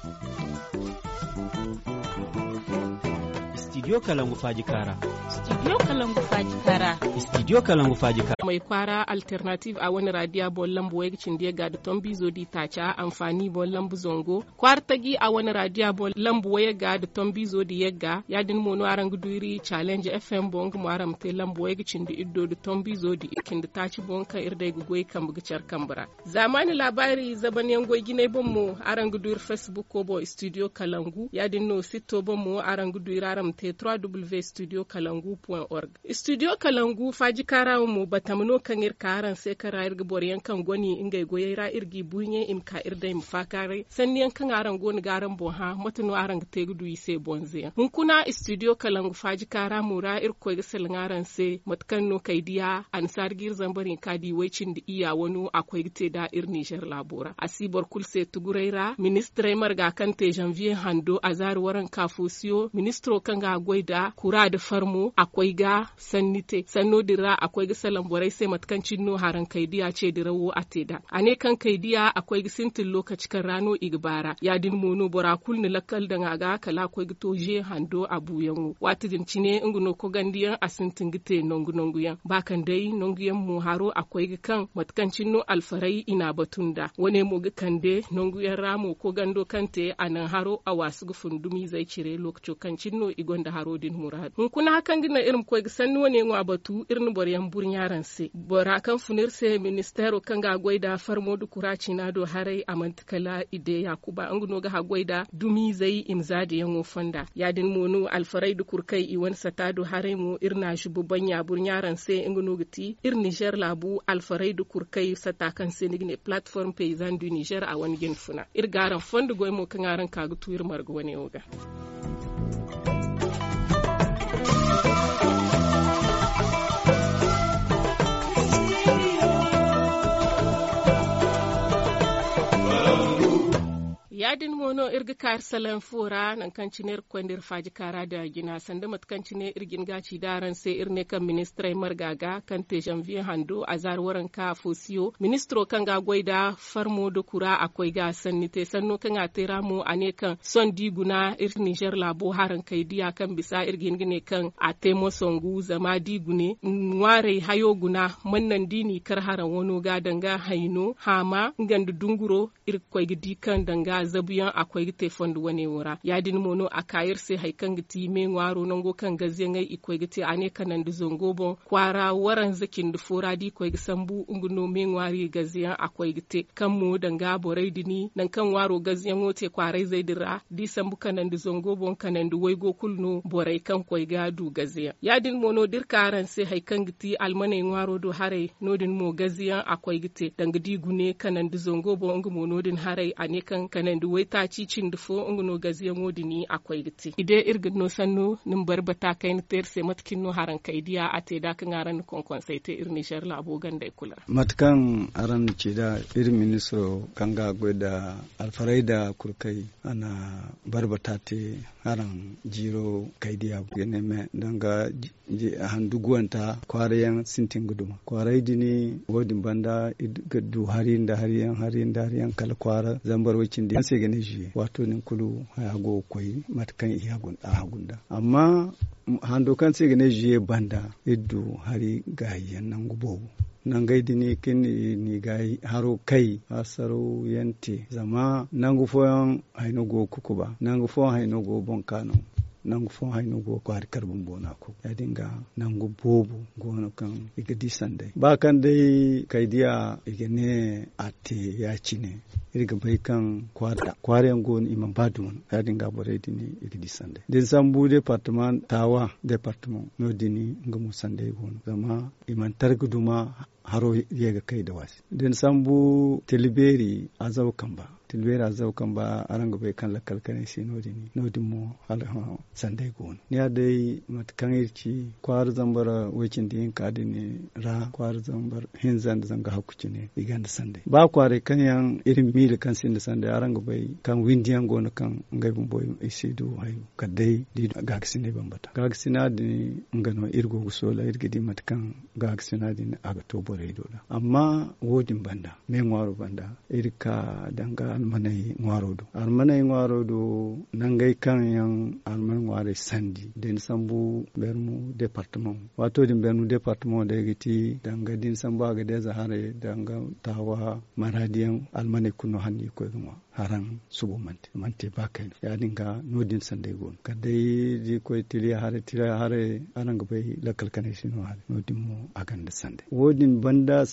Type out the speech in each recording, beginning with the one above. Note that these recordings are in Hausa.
Thank you. studio kalangu faji kara studio kalangu faji kara studio kalangu faji kara mai kwara alternative a wani radiya bollan boye cinde ga da tombi zo di tacha amfani bollan buzongo kwartagi a wani radiya bollan boye ga da tombi zo di yegga ya din mono aran guduri challenge fm bong mu maram te lambo yegi da iddo da tombi zo di kin da tachi bon kan irde gugoy kan bugicar kambura zamani labari zaban yango gine mu aran gudur facebook ko bo studio kalangu ya din no sito bon mu aran gudur aram te www.studiokalangu.org. Studio Kalangu faji karawo mu batamno kan ir karan sai kara ir boryan yankan goni ingai goyira irgi bunye in ka ir dai mufakare san yan yankan aran goni garan boha ha aran ta gudu ise bonze. Mun kuna Studio Kalangu faji kara mu ra ir koy sel ngaran sai matkan no kai diya ansar gir zambarin kadi waicin da iya wani akwai te da ir Niger labora. Asibor kulse tugureira ministre marga kan te janvier hando azar waran kafusio ministro kan ga agoi kura da farmo akwai ga sannite sanno dira akwai ga salan borai sai matkancin no haran kaidiya ce dira wo teda ane kan kaidiya akwai ga sintin lokaci kan rano igbara ya din mono bora kulni lakal da ga kala akwai ga toje hando abuyan wo watidin cine inguno ko gandiyan sintin gite nongu ba bakan dai yan mu haro akwai ga kan matkancin no alfarai ina batunda wane mu ga kande yan ramo ko gando kante anan haro a wasu gufundumi zai cire lokacin kan cinno igonda da harodin murad mun kuna hakan gina irin ko sanni wane wa batu irin boryan burin yaran se bora kan funir se ministero kan ga goida far modu kuraci na do harai mantakala ide yakuba an guno ga goida dumi zai imzadi ofanda fanda din monu alfarai du kurkai iwan do harai mu irna shubu banya burin yaran se inguno giti ir niger labu alfarai du kurkai kan se nigne platform paysan du niger a wani gin funa ir garan fondu goy mo kan aran kagu ir margo wani oga yadin mono irga kar fora nan kan ciner kwandir faji kara da gina sanda mat kan ne irgin gaci daran sai irne kan ministrai margaga kan te janvier hando a zarwaran ka fosiyo ministro kan ga goida farmo da kura akwai ga sanni te sanno kan a tera mu ane kan son diguna ir niger labo haran kai diya kan bisa irgin gine kan a temo songu zama digune ware hayo guna mannan dini kar haran wono ga danga haino hama ngandu dunguro ir gidi kan danga zabuyan akwai gite fondu wani wura din mono a kayar sai haikan giti me ngwaro nango kan gazi ngai ikwai gite ane kanan du zongobo kwara waran zakin du fora di kwai gisambu unguno me ngwari an akwai gite kan mu danga borai dini nan kan waro an wote kwarai zai dira di sambu kanan du zongobo kanan du go kulno borai kan kwai gadu ya din mono karan sai haikan giti almanai ngwaro do hare nodin mo an akwai gite dangidi gune kanan du zongobo ungu nodin hare ane kan kanan ndu wai ta ci cin dufo gazi gaziya modi ni akwai giti ide irgin no sannu nin barba ta kai ni terse matkin no haran kai a te da kan aran konkon sai te irni shar la abogan da kula matkan aran ce da irin ministro ga gwe da alfarai da kurkai ana barba ta te haran jiro kai dia ne me danga handuguwanta kwarayan sintin guduma kwarai dini wadin banda ga du harin da hariyan harin da hariyan kala kwara zambar wakin da se gane shi wato nin kulu go koyi matkan gun da hagunda amma hando kan se gane shi banda iddu hari gubo nan gubobu nangaidi ni kini ni gai haro kai asaro yanti zama nangu foyan haino go ba nan foyan haino go bonkano n'an fo hay no go ko har karbon bona ko ya dinga nangu bobu gono kan iga dai. ba kan dai kai dia iga ne ate ya cine irga bai kan kwara kware yango ni imam badum ya dinga bore dini iga dai. din sambu departement tawa departement no dini ngamu sande gono zama iman targuduma haro yega kai da wasi din sambu teliberi azau kamba tilbera zau kan ba arango be kan la kalkane si nodi ni nodi mo hal sandai gon ni dai mat kan irci kwar zambara wecin din kadi ne ra kwar zambar hin zan zan ga hakuci ne igan da sandai ba kware kan yan irin mil kan sin da sandai arango be kan windiyan gon kan ngai bun boy isidu hay kadai di gagsine bambata na di ngano irgo gusola di mat kan na di aga to bore do amma wodin banda me ngwaro banda irka danga almanai ngwarodo almanai ngwarodo nangai kan yan alman ngware sandi den sambu bermu departement wato din bermu departement da giti danga din sambu aga de zahare danga tawa maradiyan almanai kuno hanni ko haran subo mante mante bakai ya dinga nodin sande gon kadai ji ko tiliya hare tiri hare anan ga bai lakal kane sino hare nodin mu akan da sande wodin banda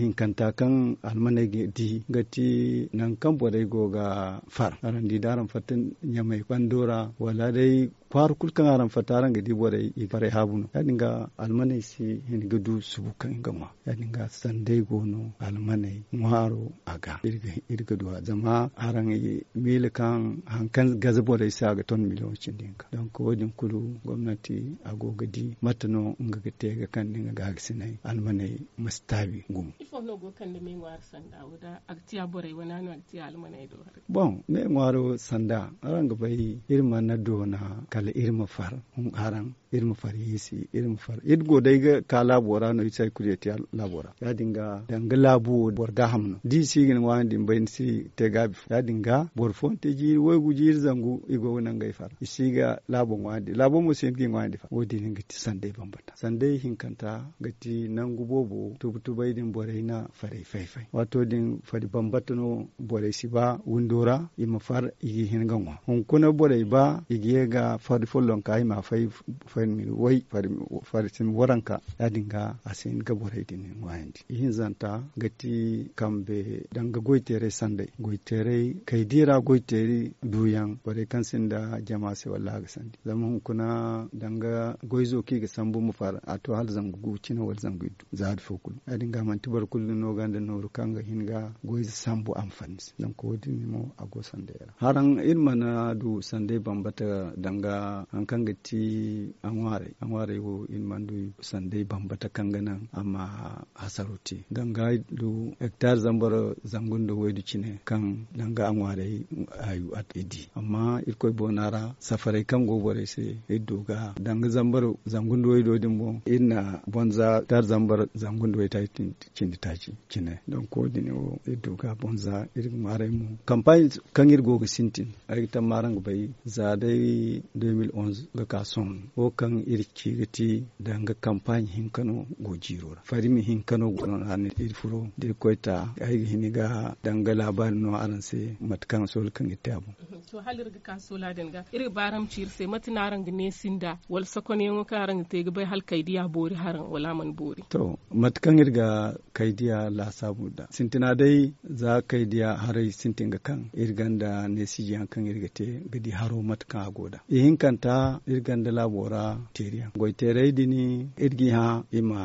hin kanta kan almane di gati nan kan bodai go ga far aran di daran fatin nyamai bandora wala dai paru kul kan aran fataran ga dibore i bare habuno ya dinga almane si hin gudu subu kan gama ya dinga ga sande gono almane ngwaro aga irga irga duwa zama aran yi mil kan hankan gazbore sa ga ton miliyon cin dinka don ko wajin kulu gwamnati a di matano nga ga kan dinga ga haksinai almane mustabi gum ifo no kan da mi war sanda wada aktiya bore wana no aktiya almane do bon me waro sanda aran ga bai irma na do na al irma far hun aran irin farisi irin far id go dai ga ka labora no isai la labora ya dinga danga bor ga hamno di si gin wani din bayin si te gabi ya dinga borfon te ji gu ji zangu go wannan ngai far isiga labon wani labon mu sen gin wani fa wodi ni gati sande bambata sande hin kanta gati nangu nan gubobo tubutubai din borai na fare fai wato din fari bambata no bore si ba wundora ima far igi hinganwa kuna bore ba igiye ga fari follon ka ima fai wen min woy fade sin waranka yadinga asin gaboraydin wayandi ihin zanta gati kan kambe danga goytere sande kai dira goitere duyan bare kan da jama se walla ga sandi zama kuna danga goizo ki ga sambu mu fara ato hal zangu gucina wal zangu iddu zaad ya dinga man tibar kullu no ganda no rukanga hinga goyzo sambu amfani zan ko dinimo ago sande haran irmana du sande bambata danga an kan gati an an ware an ware wo in mandu sandai bambata kangana amma hasaruti dan danga du hectare zambaro zangundo wedu cine kan dan ga an ware ayu at idi amma il koy bonara safare kan go bore se ga dan ga zambaro zangundo wedu din bo inna bonza tar zambar zangundo wedu taitin cindi taji cine don ko dine wo ga bonza irg mare mu campagne kan irgo sintin arigta marang bay za dai 2011 ga kason wo kan iri kiriti danga kampani hinkano gojiro jirora farimi hinkano go non ni iri furo de koita ay hiniga danga labar no aranse matkan sol kan itabu so halirga den denga iri baram cirse matinarang ne sinda wal sakone ngo te ga bai hal kaidiya bori haran wala man bori to matkan irga kaidiya la da sintina dai za kaidiya harai sintin ga kan irganda ne si jiyan kan irga te di haro matkan agoda ihin kanta irganda labora teriyan goiterai dini irgi ha ima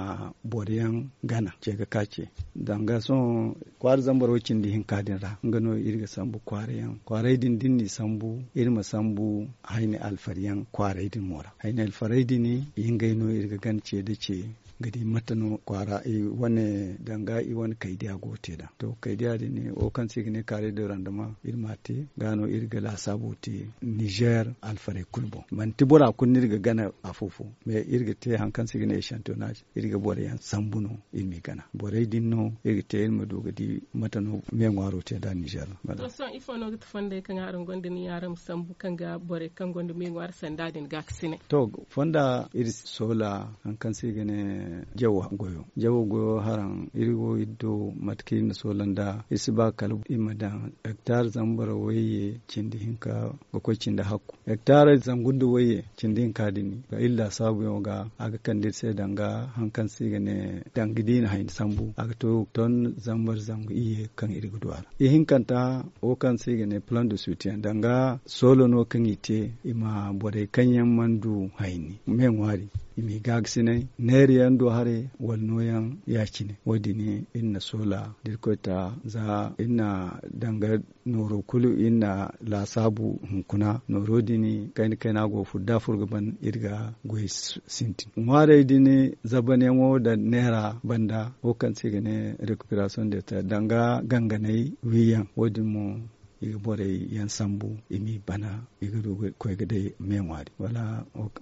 boriyan gana ga kace danga son kwar zambar wacin hin kadin ra ngano irga sambu kwarayan kwarai din din ni sambu irma sambu haini alfariyan din mora haini alfaraidi ne yin gaino irga gan ce da ce gadi matano kwara i wane danga i wane kaidiya gote da to kaidiya da ne o kan sigi ne kare da randama irmati gano sabu te. niger alfare kulbo man bora kun nirga gana afufu me irga te kan sigi ne echantonage irga bora yan sambuno irmi gana bore no irga te irma do gadi matano me ngwaro te da niger to son ifo no gata fonde kan aron gonde ni yaram sambu kan ga bore kan gonde me ngwar sandadin gaksine to fonda iris sola kan sigi ne jawo goyo jawo goyo haran irgo iddo matki misolanda isiba kalbu imadan hektar zambara waye cindi hinka ga ko cindi hakku hektar zangundu waye cindi hinka dini ga illa sabu yo ga aga kandir sai danga hankan siga ne dangidi na hain sambu aga to ton zambar zangu iye kan irgo duwara i hinkanta o kan siga ne plan de soutien danga solo no kan ite ima bore kanyan mandu haini men wari imi gagsine neri yan hare walnoyan yakine wadini inna sola dirkota za inna dangar noro kulu inna la sabu hunkuna noro dini kaini kaina go fudda furgaban irga goy sinti ngware dini zabane mo da nera banda wakan sigane recuperation de ta danga ganganai wiyan wadin mo iga boray yan sambu imi bana iga do ko iga de memwari wala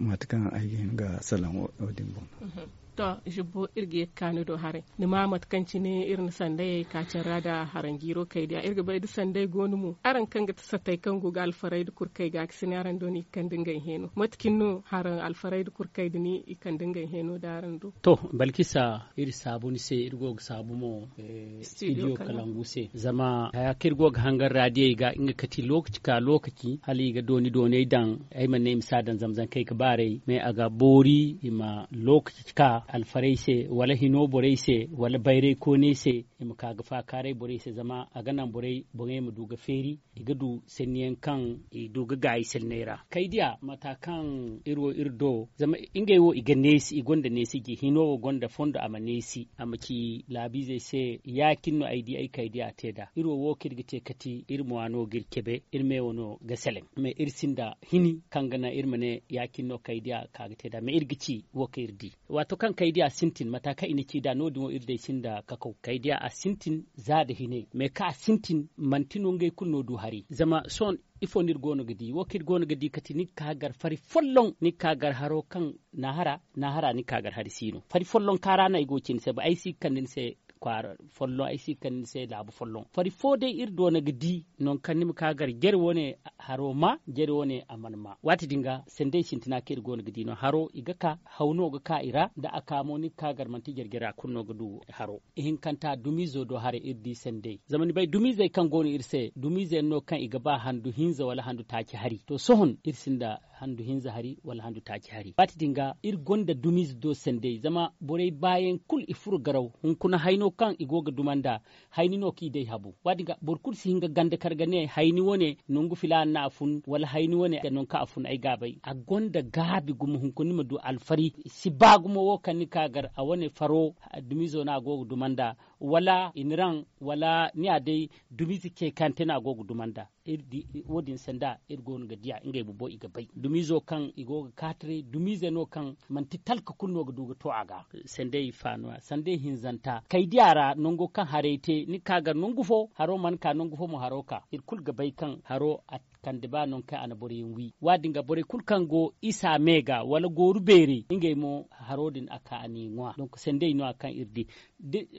matikan aygen ga salon o dimbon mhm. to jibbo irge kanu do hare ni mamat kanci ne irin sandai kacin rada haran giro kai da irge bai da sandai gonu mu aran kan ga tsatai kan goga alfarai da kurkai ga kisin aran do ni kan dingan heno matkin no haran alfarai da kurkai da ni kan dingan heno da aran do to balkisa iri sabu ni sai irgo ga sabu mo eh, studio kalangu se zama haya kirgo ga hangar radio ga inga kati lokaci ka lokaci hali ga doni donai dan ai man ne misadan zamzan kai ka bare mai aga bori ima lokaci ka alfarayse wala hinoborayse wala bayraykonayse ima kaga fa kare bure sai zama a ganan bore bore mu duga feri iga du sanniyan kan i duga gayi naira kai dia kan irwo irdo zama inga i iga nesi i gonda nesi gi hino gonda fondo ama nesi ama ki labi zai se ya kinno aidi ai kai dia teda irwo wo kirgite kati irmo ano girkebe irme wono gaselem me irsinda hini kangana irmane ya kinno kai dia kaga teda me irgici wo kirdi wato kan kai dia sintin mataka ina ci da nodin wo irde sinda kakau kai dia a sintin zada hine me ka a sintin mantino ngay kunno du hari zama son ifo nir gono gidi wokir gono gidi kati ni gar fari follong ni gar haro kan nahara nahara ni gar hari sino fari follong kara na igochin se ba ai si kandin se kwara follo ay si kan se labu follo fari fo dai ir do na gidi non kan nim kagar ger wone haro ma ger wone aman ma wati dinga sende sintina ke go gidi no haro igaka hauno ga ka ira da aka moni kagar manti gera kunno gudu haro ihin kanta dumizo do hare irdi sende zamani bai dumize kan go irse dumize no kan igaba handu hinza wala handu taki hari to sohon irsinda handu hinza hari wala handu taki hari bati dinga ir gonda dumis do sende zama borai bayen kul ifur garau hun kuna haino kan igoga dumanda haini no ki dai habu wadinga kul si hinga ganda kargane haini wone nungu fila na afun wala haini wone ga e nonka afun ai gabai a gonda gabi gumu hun kunima du alfari si ba wo kani ka kagar a wane faro dumizo na gogo dumanda wala iniran wala ni ade dumisi ke kantena gogu dumanda irdi wodin senda irgon gadiya inga bubo iga bay dumizo kan igo katre dumize no kan manti talka kunno ga duga to aga sende ifanwa sende hinzanta kai diara nongo kan harete ni kaga nongo fo haro man ka nongo fo mo haroka irkul ga bai kan haro at kan diba non ka ana bore wi wadinga bore kulkango go isa mega wala goru bere inge mo harodin aka ani ngwa donc sende ino aka irdi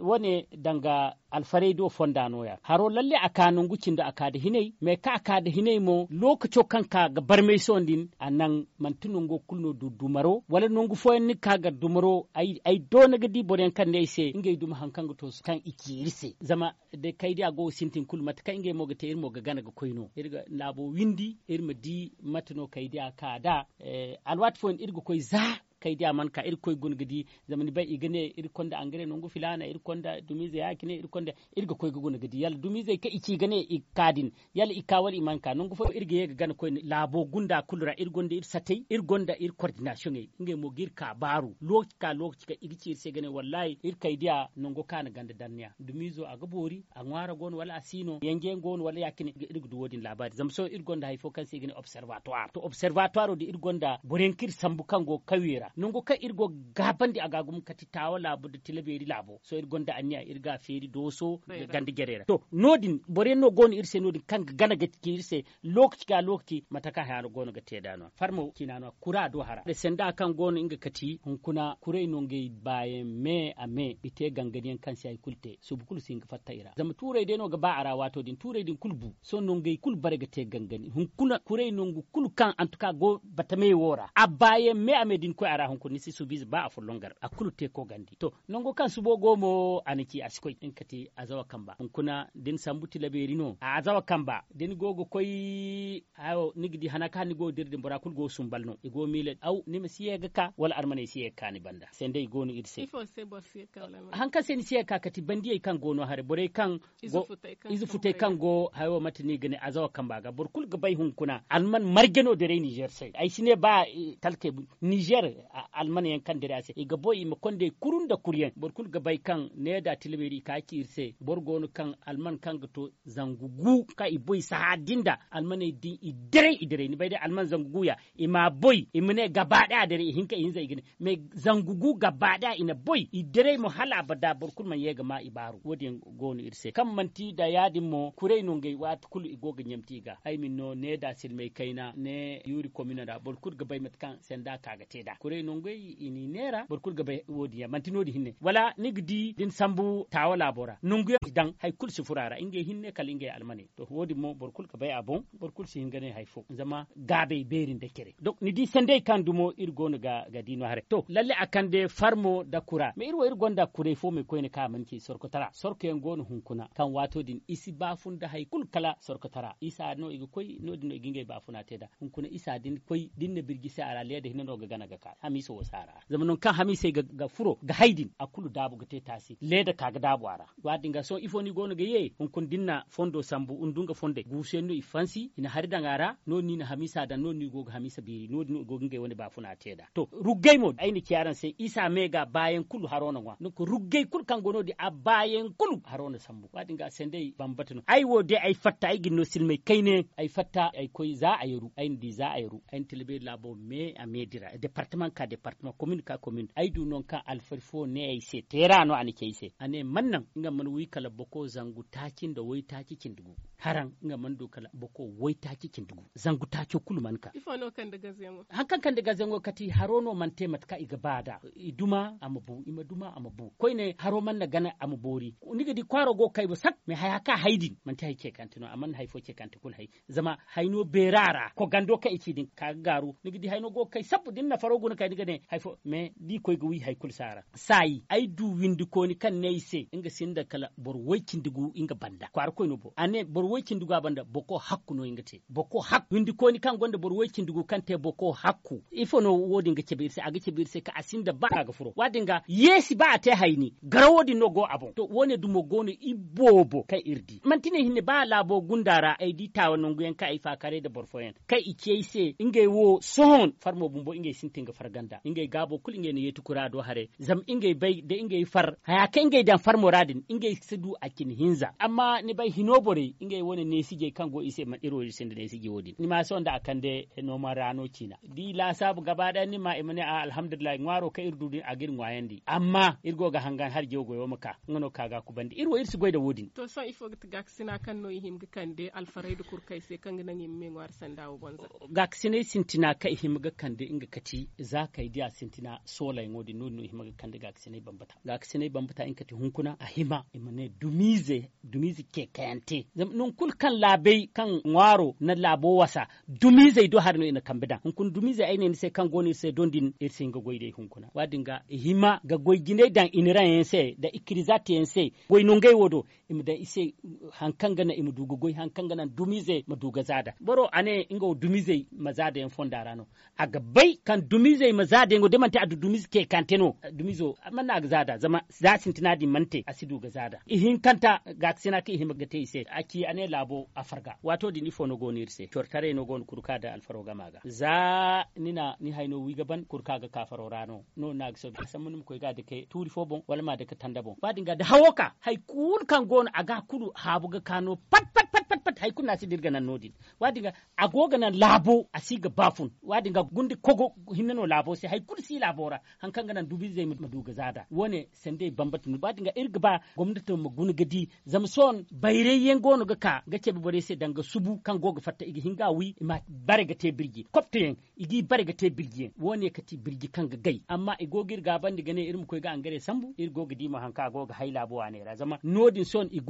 wone danga alfaredo do fondano ya haro lalle aka non gucinda da aka de hinai me ka aka de hinai mo lokaco ka ga barme sondin anan mantuno go kulno du dumaro wala nongu fo en ka ga dumaro ay ay do na gadi boren kan ne se dum hankan to kan ikirise zama de kaidi ago sintin kulmat ka inge mo ga tayir mo ga gana ga koyno irga labo windi irma di matino kaydi a kada eh, alwat fo en irgo koye za kai dia man ka irkoy gun gidi zamani bai igane irkonda angare nungu filana irkonda dumize yakine irkonda irga koy gun gidi yal dumize ka ici gane ikadin yal ikawal iman ka nungu fo irge yega gan koy labo gunda kulra irgonda ir satay irgonda ir coordination e nge mo girka baru lokka lokka igici se gane wallahi irkay dia nungu kana ganda danniya dumizo aga bori a gon wala asino yenge gon wala yakine irga duwodin labari zamso irgonda hay fo kan se gane observatoire to observatoire de irgonda borenkir sambu kawira yara nungu ka irgo gaban gabandi agagum kati tawa labu da tilaberi labo so irgo da anya irga feri doso da gandi gerera to nodin bore no gon irse nodin kan gana ki irse lokaci ga lokaci mataka no gon ga tedano farmo kinano kura do hara da senda kan gon inga kati hunkuna kurai ngai baye me a me ite ganganiyan kan sai kulte subkul singa fatta ira zama turai no ga ba ara wato din turai din kulbu so ngai kul bare ga te gangani hunkuna kurai nongu kul kan antuka go batame wora abaye me a me din ko yara hunkuni si subiz ba a fulongar a kulute ko gandi to nongo kan su bo gomo aniki asikoi in kati azawa kamba hunkuna den sambuti laberi no a azawa kamba din gogo koi ayo nigdi hanaka ni go dirdi borakul go sumbal no go mile au ni ma siye ka wala armane siye ka ni banda sende igo no irse ifo se bo siye ka wala hanka sen siye ka kati bandiye kan gono hare bore kan izu futai kan go hayo matini gane azawa kamba ga burkul gabai hunkuna alman margeno dere niger sai ai sine ba eh, talke niger a yan kan dira se iga i ma konde kurun da kuryen borkul ga bay kan ne da tilberi ka kirse gonu kan alman kan gato zangugu ka i boy sahadinda almane din i idere ni bay da alman zangugu ya i ma boy mune gaba daya dare hinka zai igine me zangugu gaba daya ina boy idere mu hala bada borkul man yega ma ibaru wodi gonu irse kan manti da yadin mo kurei no ngai wat kul nyamti ga. ay min no ne da silmai kaina ne yuri komina da borkul ga bay mat kan senda kaga teda kurei nongoi ini nera borkul gabe wodiya mantinodi hinne wala nigdi din sambu tawa labora nungu dan hay kul sifurara inge hinne kal inge almane to wodi mo borkul gabe abon borkul si ngane hay fo zama gabe berin de kere donc ni di sende kan dumo irgono ga ga dino hare to lalle akande farmo da kura me irwo irgonda kure fo me koyne ka manki sorkotara sorko en gono hunkuna kan wato din isi bafunda hay kul kala sorkotara isa no igi koy no dino iginge bafuna teda hunkuna isa din koy ne birgise ala lede hinno ga gana ka hamiso wasara zamanon kan hamisa ga, ga furo ga haidin kulu dabu ga te tasi leda kaga dabu ara wadin ga son ifoni gona ga ye hun kun dinna fondo sambu dunga fonde no ifansi ina harida ngara no ni na hamisa da no ni go ga hamisa biri no ni go ga wani ba funa teda to ruggay mo aini kiyaran sai isa mega bayan kulu harona wa nuku ruggay kul kan gono di a bayan kulu harona sambu wadin ga sende bambatano ai wo de ai fatta ai ginno silmai kaine ai fatta ai koi za a yaru ai di za a yaru ai telebe labo me a medira departement ka département commune ka commune ay du non ka alfar fo ne ay se terano an ke se ane nan ngam man wi kala boko zangu takin da wai taki kindugu haran ngam man du kala boko wai taki kindugu zangu taki kulu man ka ifono kan daga zengo hankan kan daga zengo kati harono man te matka iga bada iduma amabu ma duma amabu koi ne haro man na gana amabori niga di kwaro go kai sak me haya ka haidin man ta haike kantino amman haifo ke kanti kul hai zama haino berara ko gando ka ikidin ka garu niga di haino go kai sabu din na farogo na kai kay diga ne haifo me di koy wi hay sara sai ay du windi koni kan ne se inga sinda kala bor woykin digu inga banda kwar koy no bo ane bor woykin digu banda boko hakku no inga te boko hak windi koni kan gonda bor woykin kan te boko hakku ifo no wodi inga kebir se aga kebir se ka asinda ba aga furo wadinga yesi ba te hayni garawodi no go abon to wone mo goni ibobo kai irdi mantine hinne ba labo gundara ay di tawa no nguyen kai fa kare da borfoyen kai ikeyse inga wo sohon farmo bumbo inga sintinga farga danda ingay gabo kul ingay ne yetu do hare zam ingay bay de ingay far haya ke ingay dan far moradin ingay sidu akin hinza amma ni bay hinobore ingay woni ne sije kango ise man iro sende ne sije wodin ni ma sonda akande no marano china di la sabu gaba da ni ma imani a alhamdulillah ngwaro ka irdudin agir ngwayandi amma irgo ga hangan har jogo yo maka ngono kaga ku bandi irwo irsi goyda wodin to so ifo gaksina kan no kande gikande alfaraidu kurkai se kan nan mi ngwar sandawo bonza gaksine sintina ka him kande inga kati za kai dia sintina sola ngodi nunu hima kandi ga kisene bambata ga kisene bambata in kati hunkuna a hima imane dumize dumize ke kayante nun kul kan labai kan ngwaro na labo wasa dumize do harno ina kambida hunkun dumize aine ni sai kan goni sai don din irsin ga goide hunkuna wadinga hima ga gine dan inira yense da ikirizati yense goi nungai wodo da ise hankanga na imdugo goi hankanga na dumize maduga zada boro ane ingo dumize mazada yan fondarano a gabai kan dumize ma za dengo de mante adu dumis ke kanteno dumizo manna ga zada zama za sintina di mante asidu ga zada ihin kanta ga sina ki himma gate ise aki ane labo farga wato di ni fono gonir se tortare no gon kurka da alfaro ga ga za nina ni haino wi gaban kurka ga kafaro rano no na ga so samun ko ga de ke turi fo bon wala ma de ka tanda bon ba dinga da hawoka hay kun kan a aga kulu habu ga kano pat pat pat pat pat hay kun nasi ga nan nodin wadinga agoga nan labo asiga bafun wadinga gundi kogo hinno labo labo se hay kursi labora hankanga ganan dubi zai maduga zada wone sende bambatu ba dinga irga ba gwamnati mu gunu gadi zamson bayre yen gonu ga ka ga ba bare se danga subu kan goga fatta igi hinga wi ma bare ga te birgi kopte yen igi bare ga te birgi wone kati birgi kan ga gai amma i gogir ga bandi gane irin koi ga angare sambu irgo gadi ma hanka goga hai labo wane ra zama nodin son i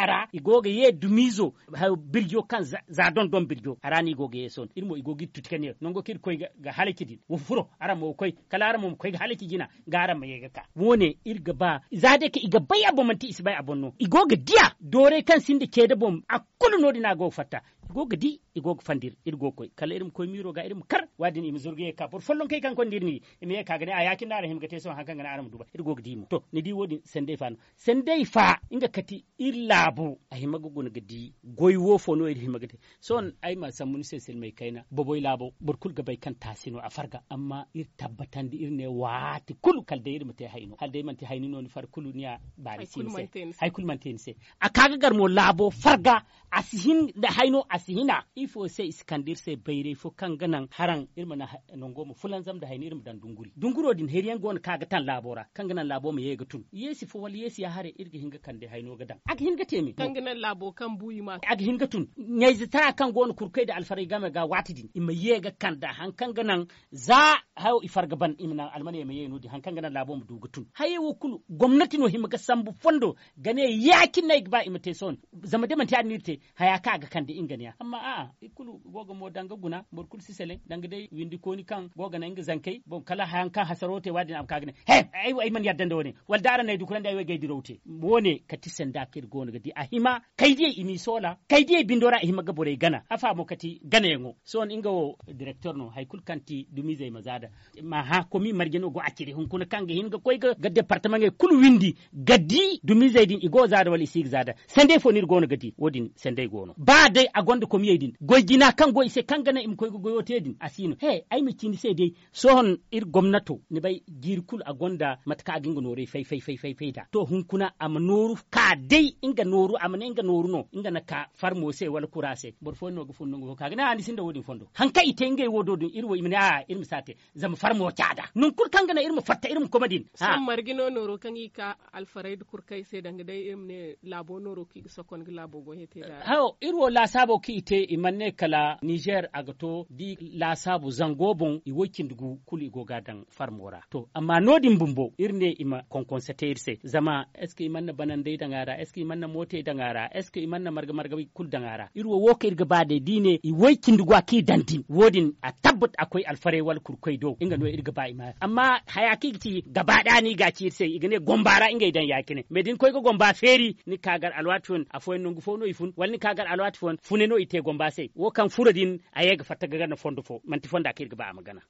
ara i goga ye dumizo ha birgi kan za don don birgi arani goga ye son irmo gogi tutkane nongo kir koi ga halakidi wo furo ara mu koy kala ara mu koy halaki gina gara mu yega ka wone irga ba zade ka iga bay abomanti isbay abonno igoga dia dore kan sinde da bom akulu no na go fatta igoga di igoga fandir irgo koy kala irim koy miro ga irim kar wadin im zurge ka por follon kai kan kondirni imi ka gane aya kin dara te so hankan ara mu duba irgoga di mu to ni di wodi sendai fa sendai fa inga kati irlabu ahimago gona gadi goy wo ga te son ai ma samun sesel mai kaina boboy labo burkul bai kan tasino farga. amma ir tabbatandi ne waati kulu kalde ir mate haino halde man te haino non far kulu niya bari sinse hay kulu man a akaga gar mo labo farga asihin da haino asihina ifo se iskandir se beire fo kanganan haran irma na nongo mo fulan zam da haino irma dan dunguri dunguro din heriyan gon kaga tan labora kanganan labo mo yega tun yesi fo wal yesi ya hare irge hinga kande haino gadan ag hinga temi kanganan labo kan buyi ma ag hinga tun nyaizita tara kan gon kurkai da alfarai game ga watidin imma yega kanda han kanganan za a ifarga farga ban imna almani yema yenu nudi hankan gana labo mu dugutun haye wukulu gwamnati no himga sambu fondo gane yakin na igba te son zama de manti anirte haya ka ga kan de ingania amma a ikulu goga mo danga guna morkul sisele danga de windi koni kan goga na inga zankai bon kala hankan hasarote wadin am kagne he ai ai man yaddan da woni wal dara na dukuran da ai gaidi rote wone katisen da kir gonu gadi a hima kai de ini sola kai de bindora hima bore gana afa mo kati gana yengo son inga wo director no haikul kanti dumize ma zada ma ha komi margeno go akiri hun kuna kanga ga koy ga departement ngay kul windi gadi dumi zaidin igo zada wal isig zada sende fo nir gono gadi wodin sende gono ba dai agonda komi yidin goygina kan go ise kanga na im koy go yotedin asino he ay mi tindi sede sohon ir gomnato ni bai gir kul agonda matka agingo nore fay fay fay fay fai to hun kuna am noru ka dai inga noru am ne inga noru no inga na ka farmo sai wal kurase bor no go fonno go kaga na andi sinde wodin fondo hanka itengai wododin irwo imna a irmisa rate zam farmo cada nun kur kanga na irmo fatta irmo komedin sam no noro kangi ka alfaraid kur kai se danga dai imne labo noro ki sokon gi labo go hete da hawo irwo la sabo ki ite imanne kala niger agato di la sabo zangobon i dugu kuli go gadan farmora to amma nodin bumbo irne ima konkon irse zama eske imanna banan dai dangara eske imanna mote dangara eske imanna marga marga kul dangara irwo woke irga bade dine i dugu aki dandin wodin a tabbat akwai alfarewal kurkwaido inga no irga ba ima amma hayaki ti gaba ni ga ci sai igane gombara inga idan yakine medin koi ko gomba feri ni kagar alwatun afo en nungu no ifun walni kagar alwatun fune no ite gomba sai wo kan furadin ayega fatta gaga na fondo fo manti fonda kirga ba magana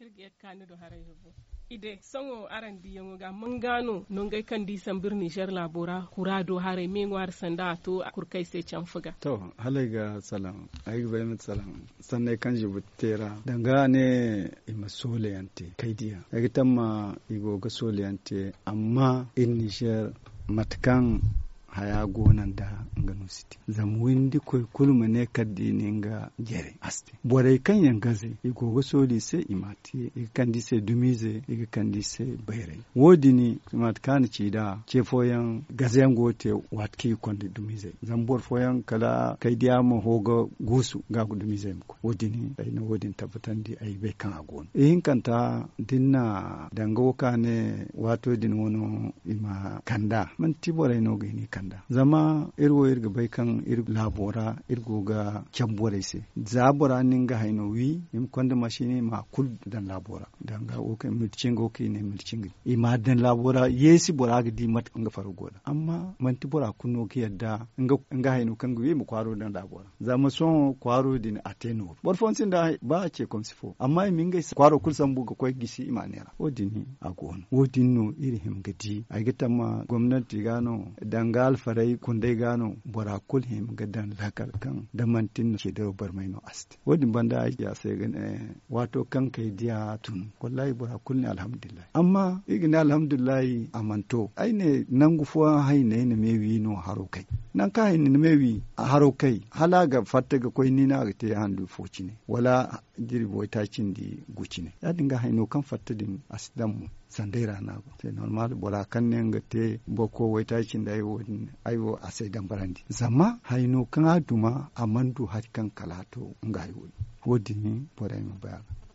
ide sango aran diyango ga mun gano non gai kan disan birni jar labora kurado hare min sanda to kurkai sai can fuga to halai ga salam ayi bai mit salam sanne kan butera danga ne ima ante yante kaidiya ga tamma igo ga sole amma in niger matkan haya gonan da nga nusiti zam windi koy kulma ne kaddi ni nga jere aste boray kan yangaze igogo soli se imati kandi se dumize kandi se bayre wodi ni mat kan ci da ce foyan gote watki kondi dumize zam bor yang kala kai diya mo hoga gusu ga dumize ko wodi ni dai na wodi tabbatan di ai be kan agon in kanta dinna dango kane wato din wono ima kanda man tibore no gini kanda kanda zama irgo irga bai kan ir labora irgo ga kyambore se zabora nin ga haino wi im kwanda mashine ma kul dan labora dan ga o kan milcingo ke ne milcingo i ma dan labora yesi bora ga di mat nga faru goda amma manti bora kunno ke yadda nga nga haino kan gwi mu kwaro dan labora zama so kwaro din ateno bor fonsin da ba ce komsifo amma min ga kwaro kul sambu ga koy gisi imanera o dini agon wo dinno irihim gadi ai gitama gwamnati gano danga alfarai kundai gano bora kulhim gadan lakar kan da mantin ke da bar mai no asti banda ya sai gane eh, wato kan kai diya tun wallahi bora kulni alhamdulillah amma igina alhamdulillah manto ai ne nan gufuwa hai ne ne wi no haro kai nan ka hai ne wi a haro kai ga fatta ga koi ni na ga te handu foci ne wala boy ta cin di guci ne ya dinga no kan fatta din asidan mu sandaira na ba te normal bora kan ne ga te boko wai ta cin da yi wani aiwo a sai dan barandi zama haino kan aduma mandu har kan kalato ngayo wodi ni porai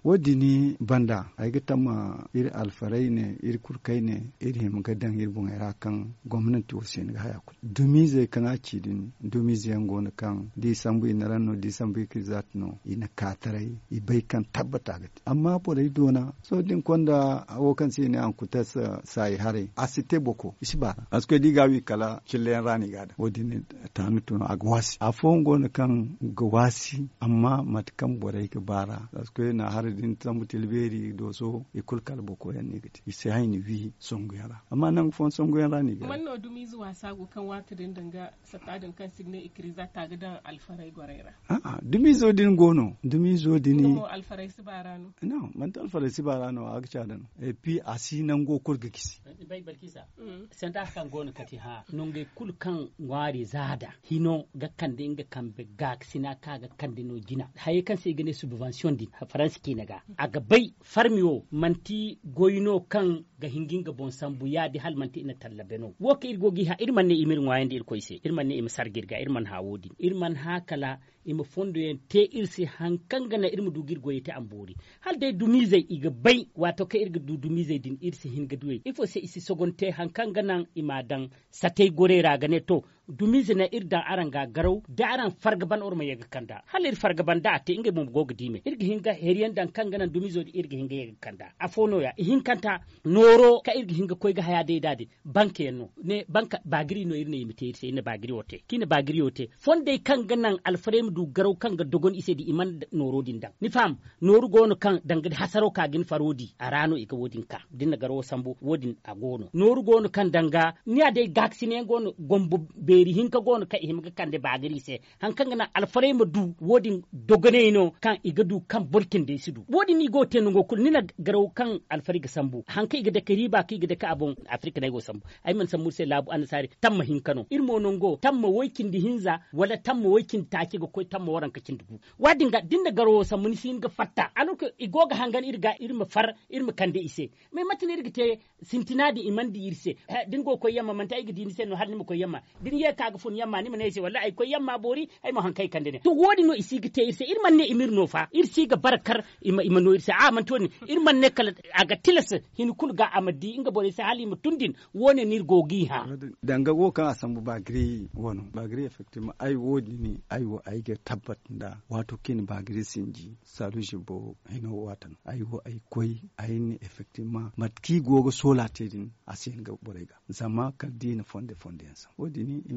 ni banda aigi tama iri alfarai ne iri kurkai ne iri dan iri bungaira kan gwamnati wasu yin haya kudu dumize kan aci din dumize yan gona kan di sambu ina ranno di sambu ikir no ina katarai ibai kan tabbata gati amma bora yi dona so din kwanda kan si ne an kutas sai hare asite boko isi ba asko di gawi kala killen rani gada wodini tanu tuno agwasi afon gona kan gwasi amma matkan bora yi bara asko na har din tambu tilberi do so e bo ko yan ne gati se hayni wi songu yara amma nan fon songu yara ni man n'o dumi zuwa sago kan wata din danga satadin kan signe kriza ta gidan alfarai gwarera a'a ah, dumi zo din gono dumi zo din no alfarai sibarano no man ta alfarai sibarano a gacha dan e pi asi nan go ga kisi bai balkisa mm. san ta kan gono kati ha nunge kan ngwari zada hino gakkan dinga kambe gak sina kaga kandino jina haye kan sai gane subvention din faransi kina daga agabai farmiwo manti goyino kan ga hinginga bon sambu yaadi hal manti ina talla beno irgo gi ha irman ne imir ngwayande irkoy se irman ne sargir ga irman ha wodi irman ha kala im fondo yen te irse hankanga na irmu goyi te ambori hal dai dumize iga bai wato ka irga du dumize din irsi hinga duwe ifo se isi sogonte hankanga nan imadan satay gore ra ragane to dumisina ir dan aran ga garau da aran fargaban orma ga kanda hal ir fargaban da ta inga mum goga dime irga hinga heriyan dan kangana dumizo irga hinga ga kanda afono ya hin kanta noro ka irga hinga ga haya de dade banke no ne banka bagiri no irne imite sai ne bagiri wote kine bagiri wote fonde kanganan alfrem du garau ga dogon ise di iman noro din dan ni fam noru gono kan dangade hasaro gin farodi arano iga wodin ka dinna garo sambu wodin agono noru gono kan danga ni ade gaksine gono gombo hin ka gono ka kan kande bagari se kan na alfare ma du wodi dogane no kan iga du kan bolkin de du. wodi ni go tenu go kul nina garau kan alfari ga sambu hanka iga da riba ka iga da ka abon afrika na go sambu ai man sambu se labu ansari tamma hin hinkano irmo non go tamma woikin di hinza wala tamma woikin taki ga koi tamma waran ka kin dubu wadin ga dinda garau sambu ni sin ga fatta aluka igo ga hangan irga irma far irma kande ise mai matin irga te sintinadi imandi irse din go yamma man ta iga din sen no har ni yamma din k'a kaga fun yamma ni mane walla ay ko yamma bori ai mo hankay kande ne to wodi no isi te irse irman ne imir no fa irsiga barakar ima ima no irse a ah, man toni irman ne kala aga tilas hin kul ga amadi inga bori se hali mutundin tundin wone nir gogi ha danga go kan asambu bagri wono bagri effectivement ai wodi ni ai wo ai ga tabbat da wato kin bagri sinji saluji jibo hino watan ai wo ai koi ai ni effectivement matki gogo sola tedin asen ga borega zama kal dina fonde fonde ensa wodi ni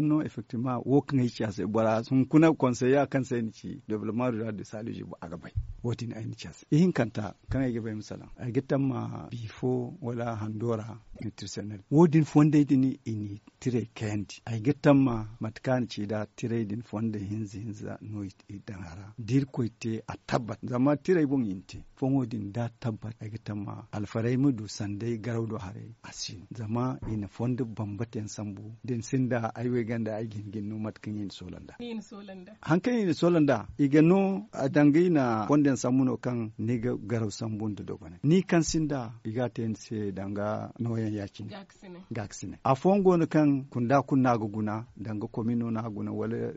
no effectivement wo kan ci ciase bora uh, sun kuna conseiller kan sen ci développement rural de saluji bu agabay wotin ai ni ciase ihin kanta kan ai gabai misala a gitan ma bifo wala handora nutritionnel wodin fonde dini init tire kendi ay ma matkani cida tire din fonde hinzi hinza no idan hara dir koyte a tabbat zama tire bon yinte fongo din da tabbat ay gettamma alfarai mudu sandai garawdo hare asin zama ina fonde bambaten sambu den sinda aywe ganda ay gingin no matkin yin solanda yin solanda hankan yin solanda igano adangai na sambu no kan niga garaw sambun da dogone ni kan sinda igate se danga noyan yakin gaksine gaksine a fongo kan kan kunda kunna guguna danga komino na guna wala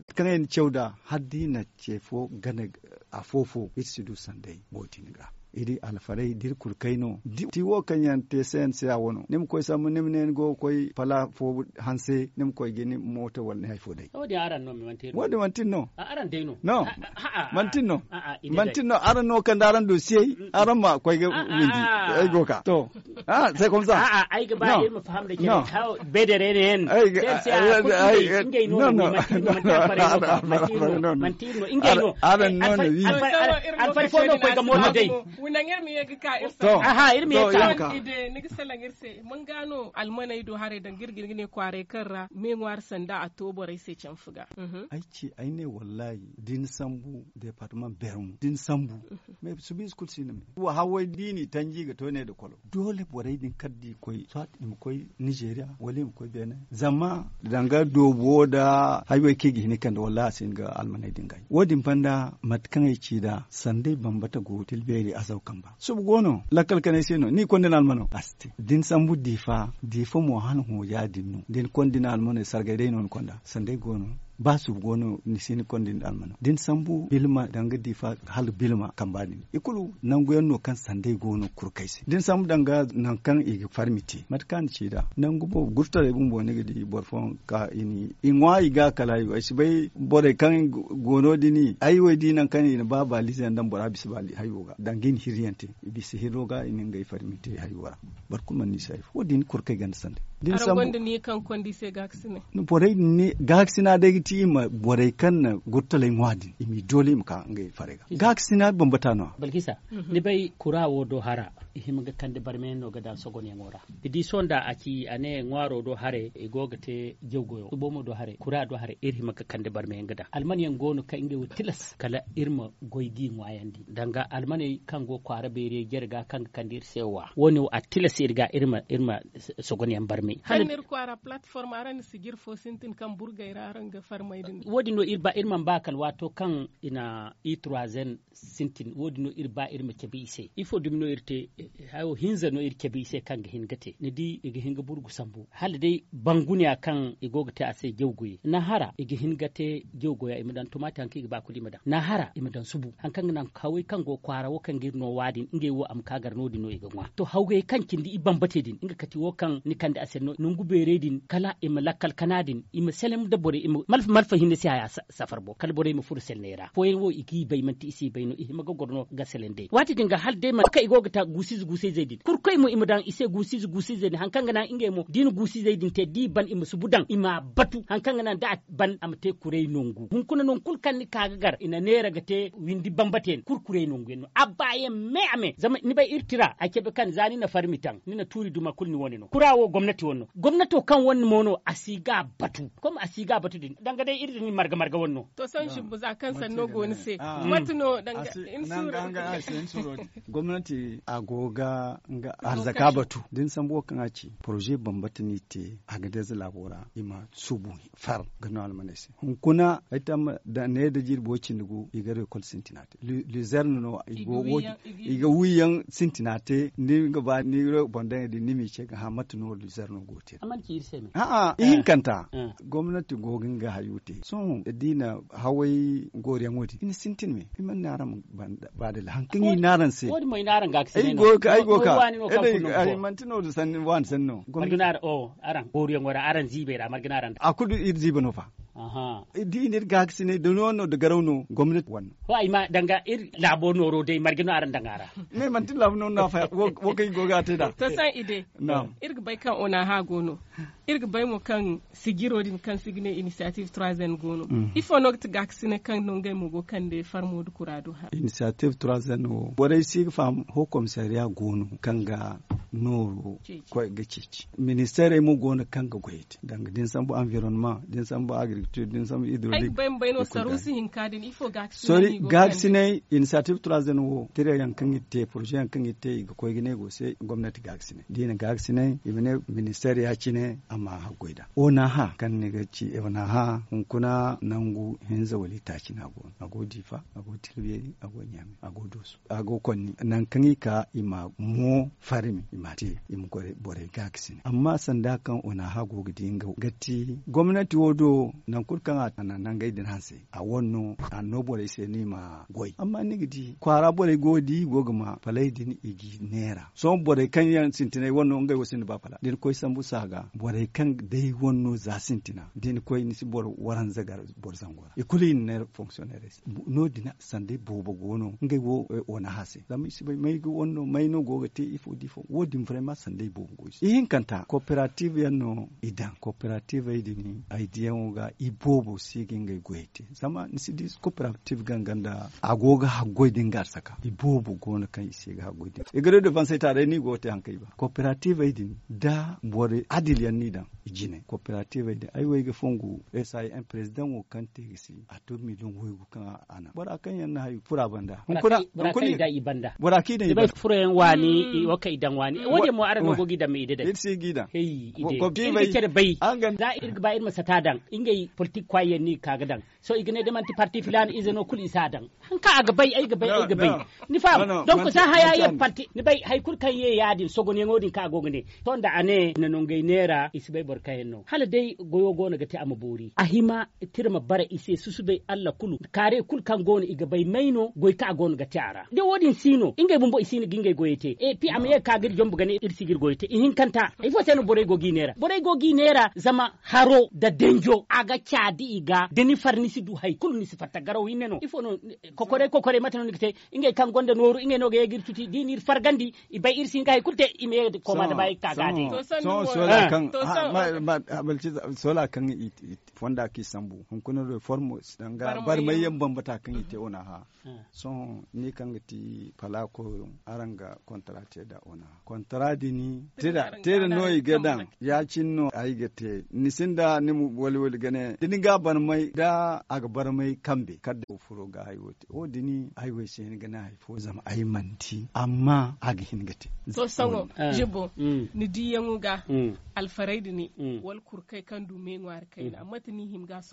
cewa da haddi na fofo gana afofo itsidu sandai botinga iri alfarai dir kurkaino ti wo kanyan te sen se awono nim koy sam nim nen go koy pala fo hanse nim koy gini moto wal ne hay fo dai wodi aran no mantino wodi mantino aran dai no no mantino mantino aran no kan daran do sei aran ma koy ge windi ay go ka to ah sai kom sa a ay ge ba mu faham da ke kawo bedere ne en ay ge no no mantino mantino ingeno aran no ne wi alfarai fo no koy ga moto dai wunan irmi ya ka irsa aha irmi ya ide nigi mun gano almana ido hare dan girgirgi ne kware karra mengwar sanda a tobore sai can fuga mhm. ai ce ai ne wallahi din sambu department bermu din sambu mhm. me su bi school sinin wa hawai dini tanji ga tone da Nijeriya, dole borai din kaddi koi swat im koi nigeria wale im koi benin zama danga dobo da highway kigi ne kan da wallahi sin ga almana din gai wodin banda matkan ai ci da Sande bambata go hotel beri saw ba sub gono lakal kane seno ni kondinal mano asti din sambu difa difo mo han hu ya dinno din kondinal mano sargay de non konda sande gono ba su gono ni sini kondin almano din sambu bilma danga difa hal bilma kambani ikulu nan guyan no kan sande gono kurkaisi din sambu danga nan kan igi farmiti matkan da nan gubo gurta da bumbo ne gidi borfon ka ini inwa iga yi wai bai bore kan gono dini ai wai nan kan ina baba lisan dan bora bisbali hayuga dangin hiriyante bisi hiroga inin gai farmiti hayuwa barkuma ni sai wodin kurkai gan sande din sambu ni kan kondi sai gaksine no bore ni gaksina dai i ma tima boray kan gortala ngwadi imi i mka ngai farega gak sina bombata no balkisa mhm. ni bay kura wodo hara himga kandi barmen no gada sogone ngora idi sonda aki ane ngwaro do hare e gogate jewgoyo bomo do hare kura do hare ir himga kandi barmen gada almani gono ka inge tilas kala irma goygi ngwayandi danga almani kango kwara bere gerga kan kandir sewa woni a tilas irga irma irma sogone barme hanir kwara platform aran sigir fosintin kan burga iraran ga farmaidin wodi no irba irman bakal wato kan ina i troisième sintin wodi no irba irma kebe ise il faut dum no irte hawo hinza no irke bi se kanga hingate ni di igi hinga burgu sambu hal dai bangune akan igogata ase jewgoye na hara igi hingate jewgoya imidan tumata hanki ba kuli madan na hara imidan subu hankan nan kawai go kwara wo kan girno wadin inge wo am kagar no dino iga ngwa to hawge kan kindi bate din inga kati wo kan ni kan kanda ase no nungu bere din kala imalakal kanadin imiselem da bore im malf malfa hinde si haya safar bo kal bore im fursel nera fo wo igi baymanti isi bayno ihima gogorno gaselende wati dinga hal dai man ka igogata gusi gusiz gusiz zaidin kurkai mo imudan ise gusiz gusiz zaidin hankanga na inge mo din gusiz zaidin te di ban imu subudan ima batu hankanga na da ban amte kure nungu mun kuna non kul kan kagagar ina nera gate windi bambaten kurkurey nungu no abaye me ame zama ni bai irtira be kan zani na farmitan ni na turi duma kulni woni no kurawo gwamnati wonno gwamnati kan wonni mono asiga batu kuma asiga batu din danga dai irin ni marga marga wonno to san shi buza kan sanno goni se matuno danga in sura gwamnati ago ga nga arzaka batu din san bo kan ace projet bambata ni te agadez zalabora ima subu far gano almanese hun kuna ita da ne da jir bo i dugu igare kol sintinate luzern no igo iga wiyan sintinate ni ga ba ni ro bondan di mi ce ga hamatu no luzern no gote amal ki irse ne a a in eh. kanta eh. gwamnati gogin ga hayute sun dina hawai goriyan ngodi in sintin me iman naram ba da hankali naran se wodi mai naran ga ne o ka ay go ka ede ay mantino du san wan san no o aran boriyan wara aran zibe da akudu ir zibe no fa aha di ndir gaksi ne no de garawno ko ay ma danga ir labo noro dai margino aran dangara me mantin labo no na fa wo kai te da ta ide na'am ir bai kan ona ha gono irga bay mo kan sigiro din kan signe initiative troisième gono mm. il faut nok tigak sine kan no ngay mo go kan de farmodu du kurado ha initiative troisième o boray sig fam ho commissariat gono kanga noro ko ga cici ministère mo gono kanga goyete dang din sambu environnement din sambu agriculture din sambu hydraulique ay bay bay no sarusi hin kadin il faut gak sine sorry gak sine initiative troisième o tere yan kan itte projet yan kan itte ga koy gine go se gomnati gak sine dina gak sine ibne ministère ya cine amma ha goida na ha kan ne ga ci na ha kuna nangu za wali taki na go go difa ago tilbe ago nyame go dosu go konni nan kan yi ka ima mo farimi ima te im gore bore gaksine amma sanda kan o na ha go gidinga gatti gwamnati wodo nan kurkan a nan gaidin hanse a wonno a bore se ni ma goy amma ni gidi kwara bore godi gogma falai din igi nera son bore kan yan sintine wonno ngai wasin ba fala din koy sambu saga bore kan dai wonno zasintina din ko ni bor waran zagar bor zangora e kuli ne fonctionnaires no dina sande bobo gono ngai wo e, ona hase lam si bai mai wonno mai no goga te ifo difo wo din vraiment sande bobo gois e hin kanta cooperative no idan cooperative dini idea ga i bobo sigi ngai goite sama ni si dis cooperative ganganda agoga din gar saka i bobo gono kan isi ga din e gare da fan sai tare ni gote hankai ba cooperative dini da bore adil dan jine cooperative de ai wai ga fongu esai en president wo kan tegisi a to milon wo go kan ana bora kan yan na hayu fura banda kuna kuni da banda bora ki da ibanda fura yan wani waka hmm. dan wani wode mo aran go gida mi ide da sai gida hey ide ko bi bai ke bai an ga da ir ba ir masata dan ingai politik kwaye ni kaga dan so igne da manti parti filan izeno kuli sa dan hanka aga bai ai ga bai ai ga bai ni fam don ku sa haya ye parti ni bai haykul kan ye yadin sogon yengodin ka gogone to da ane nanongai ne bai barka yin nan. hala dai goyo gona gati ama bori ahima tirma bara ise bai Allah kulu kare kul kan gona iga bai maino goyi ka gona gati ara de wodin sino ingay bumbo isini goyi te. e pi amaye kagir jombu gane irsigir goyete inin kanta sai e seno bore gogi nera. Bore gogi nera zama haro da denjo aga chadi iga deni farnisi du hay kul nisi fatta garo hineno ifo e no kokore kokore matano nikte ingay kan gonda noru ingay no ga yagir tuti dinir fargandi ibay irsin kay kulte ime komanda bay kagade so so kan abalci sola kan fonda ki sambu hunkunin reform dan ga bar mai yan bambata kan ite mm-hmm. ona ha eh. son ni kan ti pala ko aranga kontrate da ona kontradi ni tira tira noy gadan ya cinno ay gete ni sinda ni mu wali wali gane dini ga bar mai da aga bar mai kambe kadda furo ga haywote o dini haywe sen gana hay fo zam ay manti amma aga hingate so sawo eh. jibo mm. ni diyangu ga mm. faraydi ni mm. wal kurkay kandu me ngwar kayna mm. amata ni himga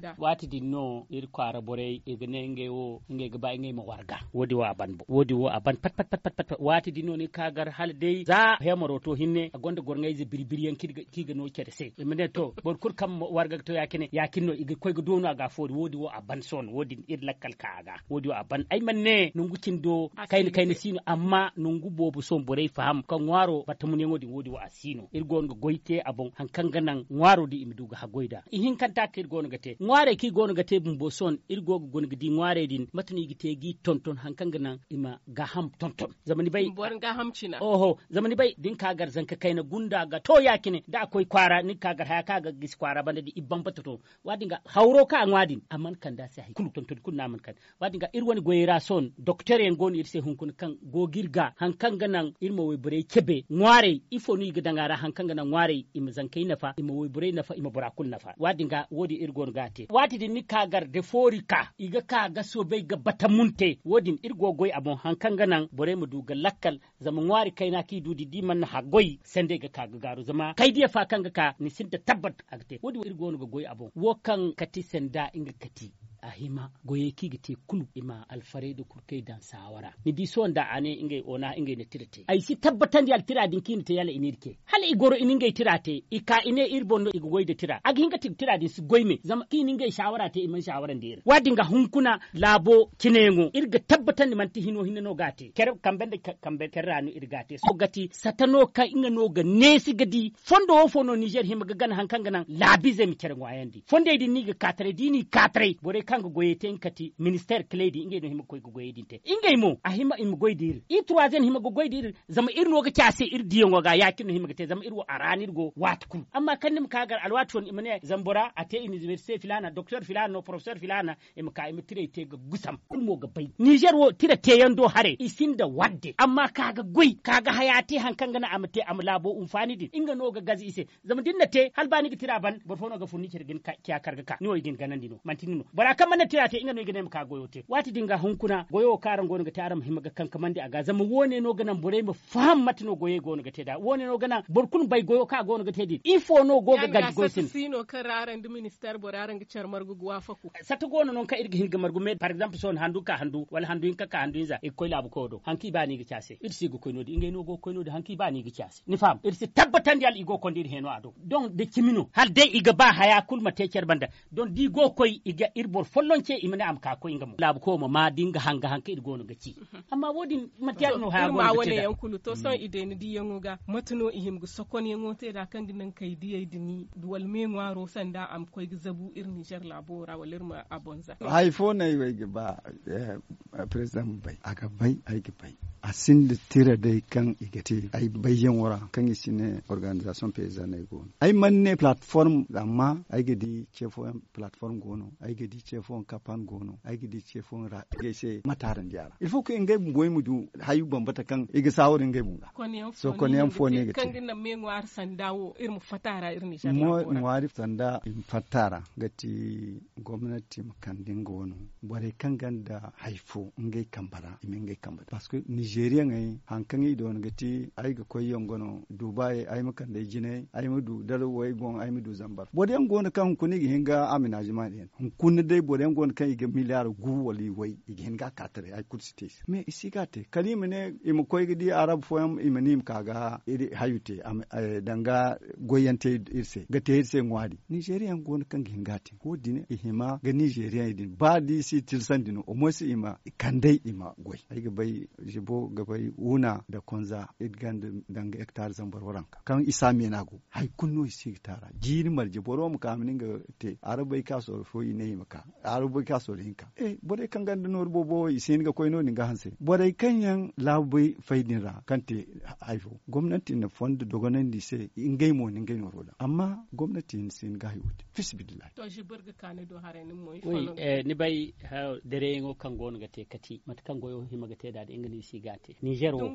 da. wati di no ir kwara boray igne nge wo nge gba nge ma warga wodi aban ban wodi wo aban pat pat pat pat, pat. wati di no ni kagar hal dai za hemoro to hinne gonda gornga izi biribiri yan kiga no kede se mene to bor kur kam warga to yakine yakinno igi koy go dono aga fori wodi wo aban son wodi ir lakkal kaga wodi wo aban ay manne nungu cindo kayne kayne sino amma nungu bobu son boray faham kan waro batamune ngodi wodi wo asino ir gonga goy ke abon hankan ganan ngwaro di ga hagoida ihin kanta ke gono gate ngware ki gono gate bumbo son irgo gono gidi ngware din matani gite gi tonton hankan ganan ima gaham tonton zamani bai ga gaham cina oho zamani bai din gar zanka kaina gunda ga to yakine da akwai kwara ni ka gar ha ka ga gis kwara banda di ibban batato wadinga hauro ka ngwadin amman kan da sai kulu tonton kun naman kan wadinga irwani goyira son doctor en goni irse kun kan gogirga hankan ganan irmo we bure kebe ngware ifo ni gidangara hankan ganan ngware goy ima zankai nafa ima woybure nafa ima burakun nafa wadinga wodi irgon gate watidin ni kagar de fori ka iga kaga bai ga bata munte wodin irgo goy abon hankanga nan bore mu duga lakkal zama ngwari kaina ki dudi di man ha goy sende ga kaga garu zama kai dia fa kanga ka ni sinta tabbat agte wodi irgon ga goy abon wo kati senda inga kati a hima goye kigi te kulu ima alfare da kurkai dan sawara ni di so da ane inge ona inge ne tirate ai si tabbatan di altira din kin te yala inirke hal igoro iningai tirate ika ine irbondo igoi da tira agi hinga tik tira din su goime zama kini ingai shawara te iman shawara dir wadinga hunkuna labo kinengo irga tabbatan man manti hino hinno gate ker kamben da kamben kerranu irgate so gati satano ka inga no ga nesi gadi fondo wo no niger hima ga gan hankanga nan labize mi kerngwa yandi fonde di ni ga katre dini katre bore ka kango goyeten kati ministère kledi inge no hima koy go goyedinte inge mo a hima im goydir i troisième hima go goydir zama irno ga case ir diyango ga yakin no hima te zama irwo aranir go watkul amma kannim kagar alwati won imane zambora ate université filana docteur filana no professeur filana im ka im tire te ga gusam ilmo ga bai niger wo tire te yando hare isinda wadde amma kaga goy kaga hayati hankanga na amte amlabo umfani din inga no ga gazi ise zama dinna te halbani ga tira ban borfono ga funni kirgin ka kiya karga ka ni wo igin ganandino mantinino bara mana ta ate inga no igane ka goyote wati dinga hunkuna goyo karan gono ga te aram himaga kanka mande aga zama wone no ganan bore mu faham no goye gono ga te da wone no ganan burkun bai goyo ka gono ga te di ifo no goga gaji goisin sino raran du minister raran ga charmar gugu wafaku sata gono non ka irga hinga margu me par example son handu ka handu wal handu inka ka handu inza ikoy labu kodo hanki bani ga chase irsi go koyno di inga no go koyno di hanki bani ga chase ni fam irsi tabbatan yal igo kondir heno ado don de kimino hal de iga ba haya kulma te banda don di go koy iga irbor follon ce imane am ka ko ingam labu ko ma dinga hanga hanka ido gono gaci mhm. amma wodi matiyar no ha gono ma wone yankulu to son mm. ide ni di ga matuno ihim gu sokon yango te da kan dinan kai diyai dini duwal me ngwaro sanda am ko zabu ir Niger labora walir ma abonza hay fo nay wai ba eh, president bai bay bai ai bay a sin sindi tira dai kan igati ai bayyan wara kan isi ne organisation paysanne go ai manne platform da ma ai gidi chefo platform gono ai gidi chefo kapan gono ai gidi chefo ra ge se mataran jara il faut que ngai ngoy mudu hayu bambata kan igi saworin ngai bunga so am fo ne kan dinna me ngwar sandawo ir mu fatara ir ni sha mo ngwari sanda in fatara gati gwamnati makandin gono bare kan ganda haifo ngai kambara imen ngai kambara parce que nigerian ai hankan i don gati ai ga koy yongono dubai ai makan da jine ai mu du dalo wai gon ai mu du zambar boden gon kan kuni ga hinga amina jima ne kun dai boden gon kan ga miliyar gu wali wai ga hinga katare ai kursi te me isi gate kalim ne mu koyi di arab foyam imanim kaga iri hayute eh, danga goyante irse gate irse ngwadi nigerian gon kan hinga te ko dine hima ga nigerian din ba di si tilsan dino o mosi ima kandai ima goy ai ga bai jibo gabai una da konza idgan danga hectare zambar waranka kan isa menago hay kunno isi tara jiri marje boro mu kam ga te arabai ka so fo ine maka arabai ka so rinka eh bore kan ganda nor bobo isin ga koino ga hanse bore kan yan labai faidin ra te aifo gwamnati na fond dogonan di se ingai mo ningai noro da amma gwamnati sin ga hayuti fisbillah to shi burga kane do hare nin mo eh, ni bai dere ngo kan gon ga te kati mat kan goyo hima ga te da ingilisi gate niger wo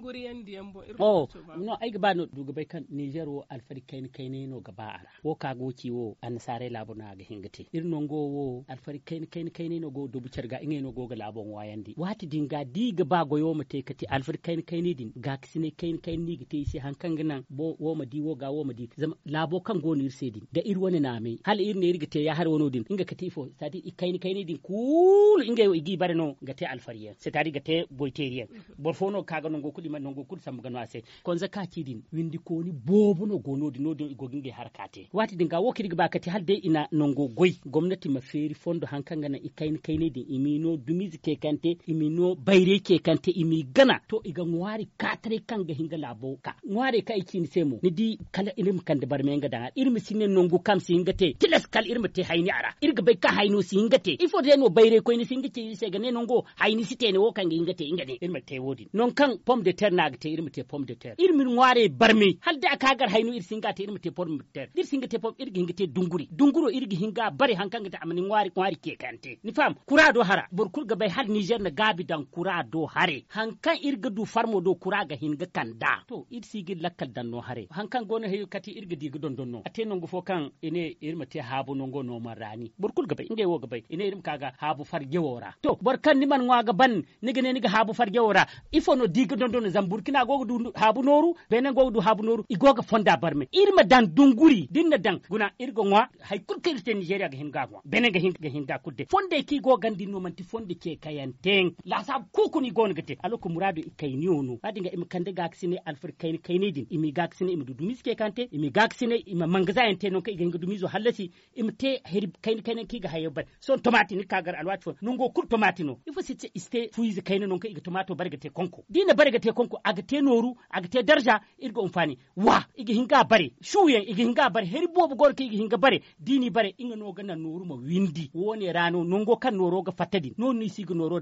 o oh, no ay gaba no duga bay kan niger wo alfari kayn no gaba ara wo ka go ci wo an sare labo na ga hingate ir no go wo alfari kayn kayn kayne no go dubu cerga inge no go ga labon wayandi wati dinga di ba go yo mate kati alfari kayn kayne din ga kisine kayn kayn ni gite shi hankan gina bo wo ma di wo ga wo ma di zama labo kan go ni irse din da ir wani na mai hal ir ne irgite ya har wono din inga katifo i kayn kaine din kulu inga yo igi bare no gate alfariya sai tari gate boiterian mhm. bor fono kaga no gokudi man no gokudi sambuga no ase konza ka tidin windi koni bobu no gonodi no do goginge harkate wati dinga wokiri ba kati halde ina nongo goy gomnati ma feri fondo hankanga na ikain kaine din imino dumizi ke kante imino bayre ke kante imi gana to iga ngwari katre kanga hinga labo ka ngwari ka ikini semo ni di kala ilim kande bar menga danga irmi sine nongo kam si hinga tilas kal irmi te hayni ara irga bay ka hayno si hinga te ifo de no bayre ko ni singa te se ga ne nongo haini site ne wokan hinga irmi te wodin non kan pom de terre naga te irma te pom de terre irmin ware barmi halde aka gar hayno ir singa te irma te pom de terre ir singa te pom irgi hinga te dunguri dunguro irgi hinga bari hankanga ta amani wari wari ke kante ni fam kura do hara bor kurga bay hal niger na gabi dan kura do hare hankan irga du farmo do kura ga hinga kanda to ir sigi lakkal dan no hare hankan gona heyu kati irga diga don don no ate nongo fo kan ene irma te habu nongo no marani bor kurga bay inge wo ga ine ene kaga habu far gewora to bor kan ni man waga ban ni gane ni ga habu far gewora ifo no diga don don zam burkina gogo du habu noru benen gogo du habu noru gogo fonda barme irma dan dunguri dinna dan guna irgo ngwa hay kulkel te nigeria ga hinga ngwa benen ga hinga ga hinga kudde fonde ki go gandi no manti fonde ke kayanteng la sab kukuni gon gate aloko murado ikay niuno adinga im kande gaksine alfar kayni kayni din imi gaksine im dudumis ke kante imi gaksine im mangaza ente no kay gengu dumizo halasi im te herib kayni kayni ki ga hayobat son tomati kagar alwatfo nungo kur tomatino ifo sitte iste fuize kayni no kay ga tomato bargete kon konko dina bare ga te a aga te noru aga te darja irga umfani wa igi hinga bare shuyen igi hinga bare heri bobu gorke igi hinga bare dini bare inga no gana noru ma windi woni rano nongo kan noro ga fatadi non ni siga noro